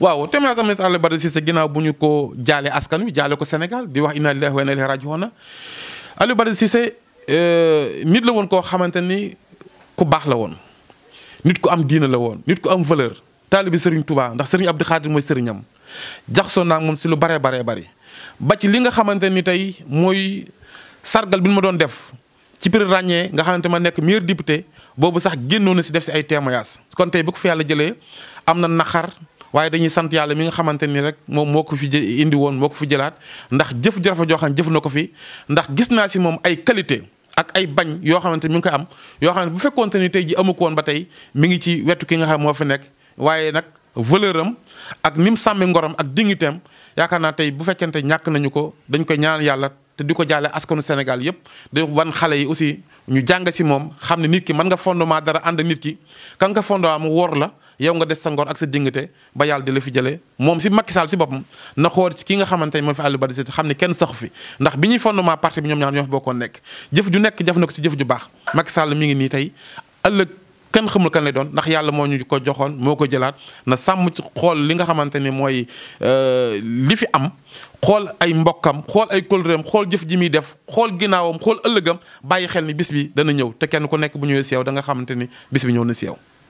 waaw témoignage Aminata Alla Badara Cissé ginnaaw bu ñu ko jaalee askan wi jaale ko Sénégal di wax inna lillahi wa inna ilayhi raji'un Alla Badara Cissé euh, nit la woon koo xamante ni ku baax la woon nit ku am diina la woon nit ku am valeur taalibi Serigne tubaa ndax sëriñ Abdou Khadir mooy sëriñam jaxasoo naa moom si lu baree baree bari ba ci li nga xamante ni tey mooy sargal bi ñu ma doon def ci prix ràññee nga xamante ma nekk meilleur député boobu sax génnoon na si def si ay témoignages kon tey bu fi yàlla jëlee am na naqar waaye dañuy sant yàlla mi nga xamante nii rek moom moo ko fi indi woon moo ko fi jëlaat ndax jëf jarafa joo xam jëf na ko fi ndax gis naa si moom ay qualité ak ay bañ yoo xamante mi ngi koy am yoo xam ne bu fekkoonte ni tey ji amu woon ba tey mi ngi ci wetu ki nga xam moo fi nekk waaye nag valeur am ak ni mu sàmmi ngorom ak dignitéem yaakaar naa tey bu fekkente ñàkk nañu ko dañ koy ñaanal yàlla te di ko jàlle askanu Sénégal yëpp di wan xale yi aussi ñu jàng si moom xam ne nit ki mën nga fondement dara ànd nit ki ka nga fondement mu wor la yow nga des sa ngor ak sa dignité ba yàlla di la fi jële moom si Macky saal si boppam na xool ci ki nga xamante ne moo fi Aliou Badji xam ne kenn saxu fi ndax bi ñuy fondement parti bi ñoom ñaar ñoo fi bokkoon nekk jëf ju nekk jëf na ko si jëf ju baax Macky Sall mu ngi nii tey ëllëg kenn xamul kan lay doon ndax yàlla moo ñu ko joxoon moo ko jëlaat na sàmm ci xool li nga xamante ni mooy euh, li fi am xool ay mbokkam xool ay kóllëreem xool jëf ji muy def xool ginnaawam xool ëllëgam bàyyi xel ni bis bi dana ñëw te kenn ku nekk bu ñëwee si yow da xamante ni bis bi ñëw na si yow